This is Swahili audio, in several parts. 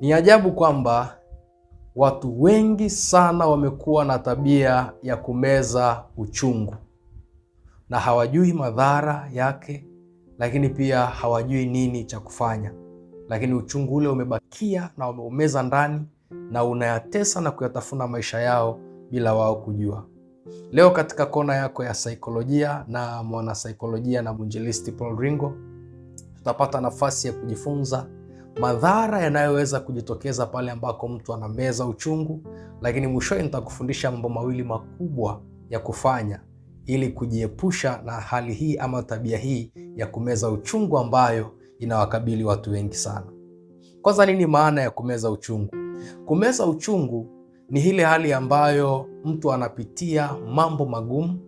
Ni ajabu kwamba watu wengi sana wamekuwa na tabia ya kumeza uchungu na hawajui madhara yake, lakini pia hawajui nini cha kufanya, lakini uchungu ule umebakia na wameumeza ndani na unayatesa na kuyatafuna maisha yao bila wao kujua. Leo katika kona yako ya saikolojia na mwanasaikolojia na mwinjilisti Paul Ringo tutapata nafasi ya kujifunza madhara yanayoweza kujitokeza pale ambako mtu anameza uchungu, lakini mwishoni nitakufundisha mambo mawili makubwa ya kufanya ili kujiepusha na hali hii ama tabia hii ya kumeza uchungu ambayo inawakabili watu wengi sana. Kwanza, nini maana ya kumeza uchungu? Kumeza uchungu ni ile hali ambayo mtu anapitia mambo magumu,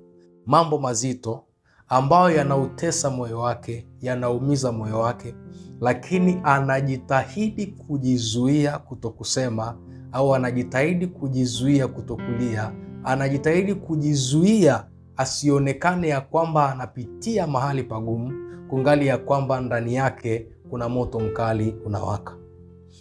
mambo mazito ambayo yanautesa moyo wake, yanaumiza moyo wake, lakini anajitahidi kujizuia kutokusema, au anajitahidi kujizuia kutokulia, anajitahidi kujizuia asionekane ya kwamba anapitia mahali pagumu, kungali ya kwamba ndani yake kuna moto mkali unawaka.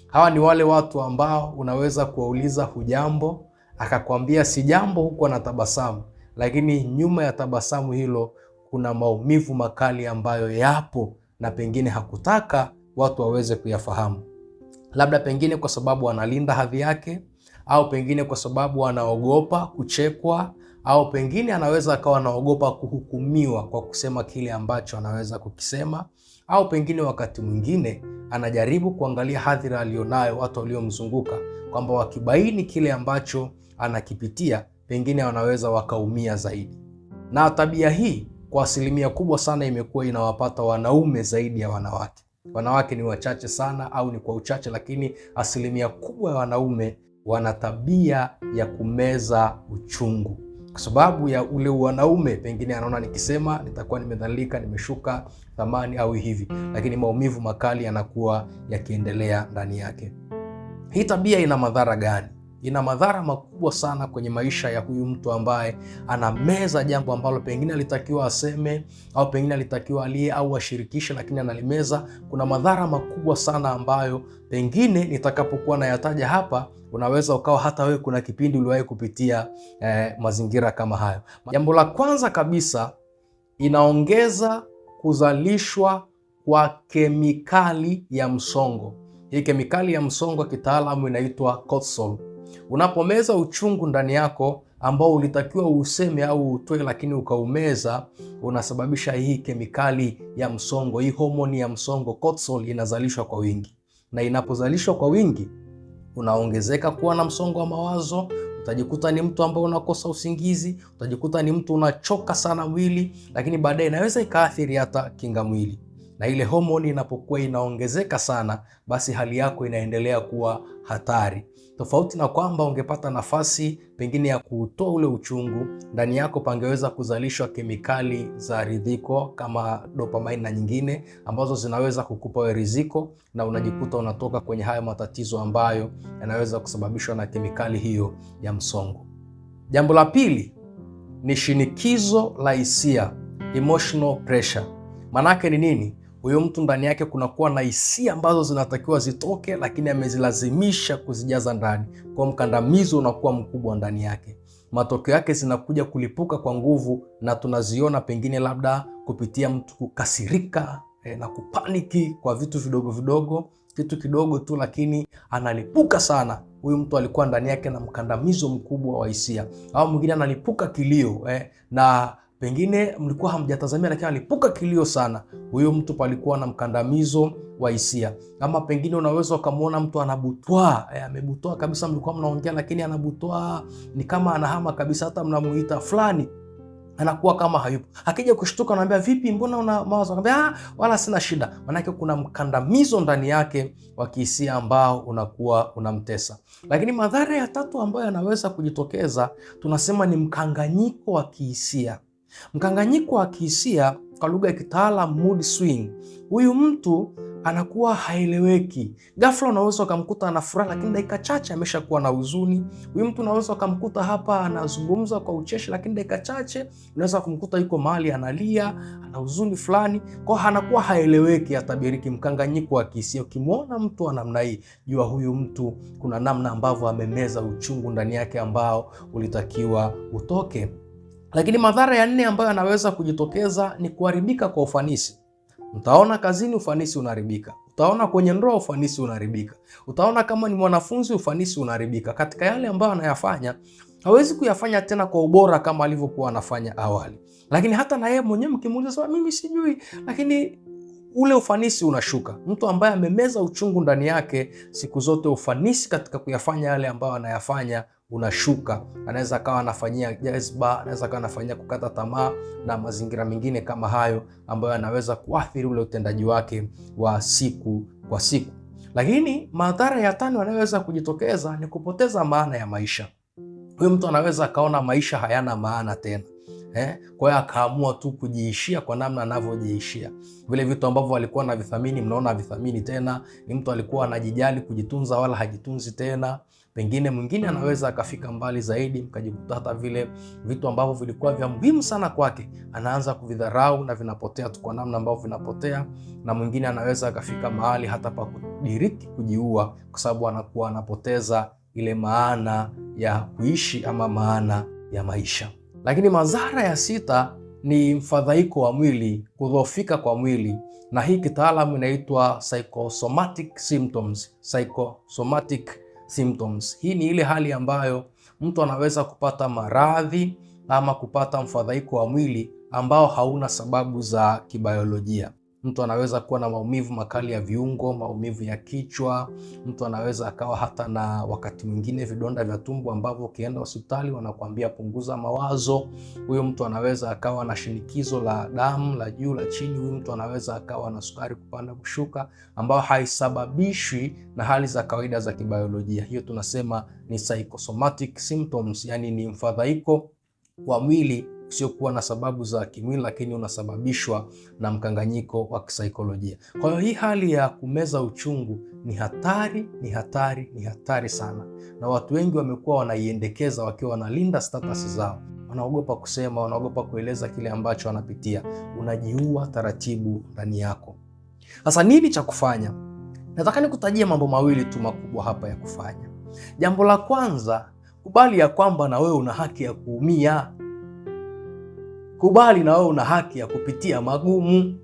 Hawa ni wale watu ambao unaweza kuwauliza hujambo, akakwambia si jambo, huku anatabasamu, lakini nyuma ya tabasamu hilo kuna maumivu makali ambayo yapo na pengine hakutaka watu waweze kuyafahamu, labda pengine kwa sababu analinda hadhi yake, au pengine kwa sababu anaogopa kuchekwa, au pengine anaweza akawa anaogopa kuhukumiwa kwa kusema kile ambacho anaweza kukisema, au pengine wakati mwingine anajaribu kuangalia hadhira aliyonayo, watu waliomzunguka, kwamba wakibaini kile ambacho anakipitia, pengine wanaweza wakaumia zaidi. Na tabia hii kwa asilimia kubwa sana imekuwa inawapata wanaume zaidi ya wanawake. Wanawake ni wachache sana, au ni kwa uchache, lakini asilimia kubwa ya wanaume wana tabia ya kumeza uchungu kwa sababu ya ule wanaume, pengine anaona nikisema nitakuwa nimedhalilika, nimeshuka thamani au hivi, lakini maumivu makali yanakuwa yakiendelea ndani yake. Hii tabia ina madhara gani? ina madhara makubwa sana kwenye maisha ya huyu mtu ambaye anameza jambo ambalo pengine alitakiwa aseme au pengine alitakiwa alie au ashirikishe, lakini analimeza. Kuna madhara makubwa sana ambayo pengine nitakapokuwa nayataja hapa, unaweza ukawa hata wewe kuna kipindi uliwahi kupitia eh, mazingira kama hayo. Jambo la kwanza kabisa, inaongeza kuzalishwa kwa kemikali ya msongo. Hii kemikali ya msongo kitaalamu inaitwa cortisol. Unapomeza uchungu ndani yako ambao ulitakiwa uuseme au utoe, lakini ukaumeza, unasababisha hii kemikali ya msongo, hii homoni ya msongo cortisol inazalishwa kwa wingi, na inapozalishwa kwa wingi unaongezeka kuwa na msongo wa mawazo. Utajikuta ni mtu ambaye unakosa usingizi, utajikuta ni mtu unachoka sana mwili, lakini baadaye inaweza ikaathiri hata kinga mwili na ile homoni inapokuwa inaongezeka sana, basi hali yako inaendelea kuwa hatari, tofauti na kwamba ungepata nafasi pengine ya kuutoa ule uchungu ndani yako, pangeweza kuzalishwa kemikali za ridhiko kama dopamine na nyingine ambazo zinaweza kukupa we riziko, na unajikuta unatoka kwenye haya matatizo ambayo yanaweza kusababishwa na kemikali hiyo ya msongo. Jambo la pili ni shinikizo la hisia, emotional pressure. Manake ni nini? huyo mtu ndani yake kunakuwa na hisia ambazo zinatakiwa zitoke, lakini amezilazimisha kuzijaza ndani, kwa mkandamizo unakuwa mkubwa ndani yake. Matokeo yake zinakuja kulipuka kwa nguvu, na tunaziona pengine labda kupitia mtu kukasirika eh, na kupaniki kwa vitu vidogo vidogo, kitu kidogo tu, lakini analipuka sana. Huyu mtu alikuwa ndani yake na mkandamizo mkubwa wa hisia, au mwingine analipuka kilio eh, na Pengine mlikuwa hamjatazamia, lakini alipuka kilio sana. Huyo mtu palikuwa na mkandamizo wa hisia, ama pengine unaweza ukamwona mtu anabutwa, eh, amebutwa kabisa. Mlikuwa mnaongea, lakini anabutwa, ni kama anahama kabisa, hata mnamuita fulani anakuwa kama hayupo. Akija kushtuka, anaambia vipi, mbona una mawazo? Anaambia ah, wala sina shida. Maanake kuna mkandamizo ndani yake wa kihisia ambao unakuwa unamtesa. Lakini madhara ya tatu ambayo yanaweza kujitokeza, tunasema ni mkanganyiko wa kihisia. Mkanganyiko wa kihisia kwa lugha ya kitaalam mood swing. Huyu mtu anakuwa haeleweki. Ghafla unaweza ukamkuta ana furaha, lakini dakika chache ameshakuwa na huzuni. Huyu mtu unaweza ukamkuta hapa anazungumza kwa ucheshi, lakini dakika chache unaweza kumkuta yuko mahali analia, ana huzuni fulani, kwa anakuwa haeleweki, atabiriki, Mkanganyiko wa kihisia. Ukimwona mtu wa namna hii, jua huyu mtu kuna namna ambavyo amemeza uchungu ndani yake ambao ulitakiwa utoke. Lakini madhara ya nne ambayo yanaweza kujitokeza ni kuharibika kwa ufanisi. Utaona kazini ufanisi unaharibika, utaona kwenye ndoa ufanisi unaharibika, utaona kama ni mwanafunzi ufanisi unaharibika. Katika yale ambayo anayafanya hawezi kuyafanya tena kwa ubora kama alivyokuwa anafanya awali. Lakini hata na yeye mwenyewe mkimuuliza, sasa mimi sijui, lakini ule ufanisi unashuka. Mtu ambaye amemeza uchungu ndani yake siku zote, ufanisi katika kuyafanya yale ambayo anayafanya unashuka, anaweza akawa anafanyia jazba, anaweza akawa anafanyia kukata tamaa na mazingira mengine kama hayo ambayo anaweza kuathiri ule utendaji wake wa siku kwa siku. Lakini madhara ya tano yanayoweza kujitokeza ni kupoteza maana ya maisha. Huyu mtu anaweza akaona maisha hayana maana tena eh? Kwa hiyo akaamua tu kujiishia kwa namna anavyojiishia. Vile vitu ambavyo alikuwa anavithamini, mnaona havithamini tena. Ni mtu alikuwa anajijali kujitunza, wala hajitunzi tena. Pengine mwingine anaweza akafika mbali zaidi, mkajikuta hata vile vitu ambavyo vilikuwa vya muhimu sana kwake anaanza kuvidharau na vinapotea tu kwa namna ambavyo vinapotea, na mwingine anaweza akafika mahali hata pa kudiriki kujiua, kwa sababu anakuwa anapoteza ile maana ya kuishi ama maana ya maisha. Lakini madhara ya sita ni mfadhaiko wa mwili, kudhoofika kwa mwili, na hii kitaalamu inaitwa psychosomatic symptoms. Psychosomatic symptoms hii ni ile hali ambayo mtu anaweza kupata maradhi ama kupata mfadhaiko wa mwili ambao hauna sababu za kibayolojia. Mtu anaweza kuwa na maumivu makali ya viungo, maumivu ya kichwa. Mtu anaweza akawa hata na wakati mwingine vidonda vya tumbo ambavyo ukienda hospitali wanakuambia punguza mawazo. Huyo mtu anaweza akawa na shinikizo la damu la juu la chini. Huyu mtu anaweza akawa na sukari kupanda kushuka, ambayo haisababishwi na hali za kawaida za kibiolojia. Hiyo tunasema ni psychosomatic symptoms, yani ni mfadhaiko wa mwili usiokuwa na sababu za kimwili, lakini unasababishwa na mkanganyiko wa kisaikolojia. Kwa hiyo hii hali ya kumeza uchungu ni hatari, ni hatari, ni hatari sana, na watu wengi wamekuwa wanaiendekeza wakiwa wanalinda status mm. zao wanaogopa kusema, wanaogopa kueleza kile ambacho wanapitia. Unajiua taratibu ndani yako. Sasa nini cha kufanya? Nataka nikutajia mambo mawili tu makubwa hapa ya kufanya. Jambo la kwanza, kubali ya kwamba na wewe una haki ya kuumia kubali na wewe una haki ya kupitia magumu,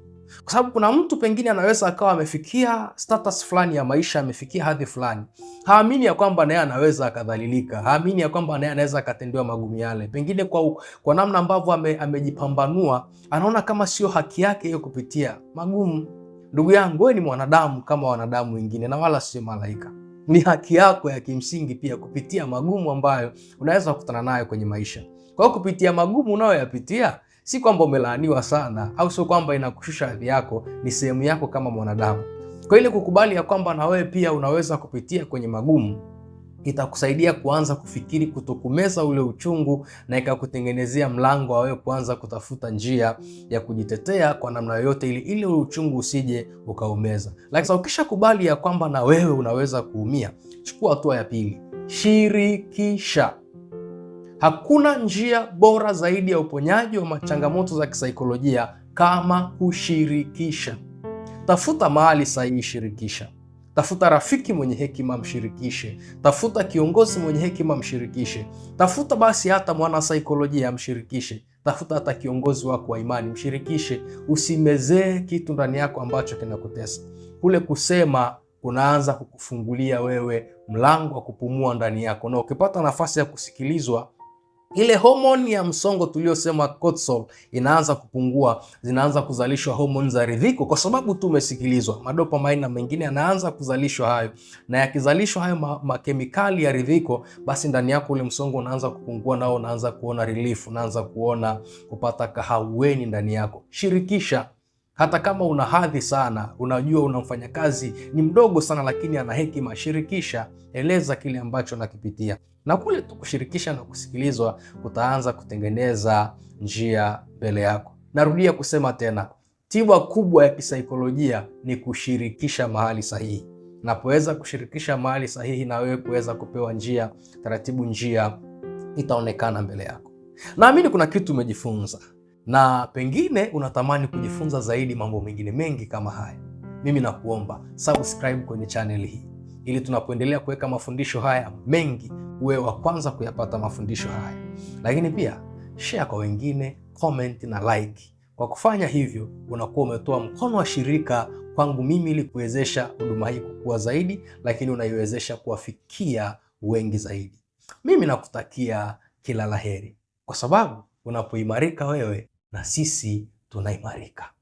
kwa sababu kuna mtu pengine anaweza akawa amefikia status fulani ya maisha, amefikia hadhi fulani, haamini ya kwamba naye anaweza akadhalilika, haamini ya kwamba naye anaweza akatendewa magumu yale. Pengine kwa, kwa namna ambavyo ame, amejipambanua anaona kama sio haki yake hiyo kupitia magumu. Ndugu yangu, wewe ni mwanadamu kama wanadamu wengine, na wala sio malaika. Ni haki yako ya kimsingi pia kupitia magumu ambayo unaweza kukutana nayo kwenye maisha. Kwa kupitia magumu unayoyapitia si kwamba umelaaniwa sana, au sio kwamba inakushusha hadhi yako, ni sehemu yako kama mwanadamu. Kwa ile kukubali ya kwamba na wewe pia unaweza kupitia kwenye magumu itakusaidia kuanza kufikiri kutokumeza ule uchungu na ikakutengenezea mlango wa wewe kuanza kutafuta njia ya kujitetea kwa namna yoyote ili ile uchungu usije ukaumeza. Lakini ukishakubali ya kwamba na wewe unaweza kuumia, chukua hatua ya pili, shirikisha Hakuna njia bora zaidi ya uponyaji wa changamoto za kisaikolojia kama kushirikisha. Tafuta mahali sahihi, shirikisha. Tafuta rafiki mwenye hekima, mshirikishe. Tafuta kiongozi mwenye hekima, mshirikishe. Tafuta basi hata mwanasaikolojia, mshirikishe. Tafuta hata kiongozi wako wa imani, mshirikishe. Usimezee kitu ndani yako ambacho kinakutesa. Kule kusema kunaanza kukufungulia wewe mlango wa kupumua ndani yako, na ukipata nafasi ya kusikilizwa ile homoni ya msongo tuliyosema cortisol inaanza kupungua, zinaanza kuzalishwa homoni za ridhiko kwa sababu tu umesikilizwa. Madopamine na mengine yanaanza kuzalishwa hayo, na yakizalishwa hayo makemikali ma ya ridhiko, basi ndani yako ule msongo unaanza kupungua, nao unaanza kuona relief, unaanza kuona kupata kahaweni ndani yako. Shirikisha hata kama una hadhi sana, unajua una mfanyakazi ni mdogo sana, lakini ana hekima, shirikisha, eleza kile ambacho nakipitia, na kule tu kushirikisha na kusikilizwa utaanza kutengeneza njia mbele yako. Narudia kusema tena, tiba kubwa ya kisaikolojia ni kushirikisha mahali sahihi. Napoweza kushirikisha mahali sahihi, na wewe kuweza kupewa njia, taratibu njia itaonekana mbele yako. Naamini kuna kitu umejifunza na pengine unatamani kujifunza zaidi mambo mengine mengi kama haya, mimi nakuomba subscribe kwenye channel hii ili tunapoendelea kuweka mafundisho haya mengi uwe wa kwanza kuyapata mafundisho haya. Lakini pia share kwa wengine, comment na like. Kwa kufanya hivyo, unakuwa umetoa mkono wa shirika kwangu mimi ili kuwezesha huduma hii kukua zaidi, lakini unaiwezesha kuwafikia wengi zaidi. Mimi nakutakia kila laheri, kwa sababu unapoimarika wewe na sisi tunaimarika.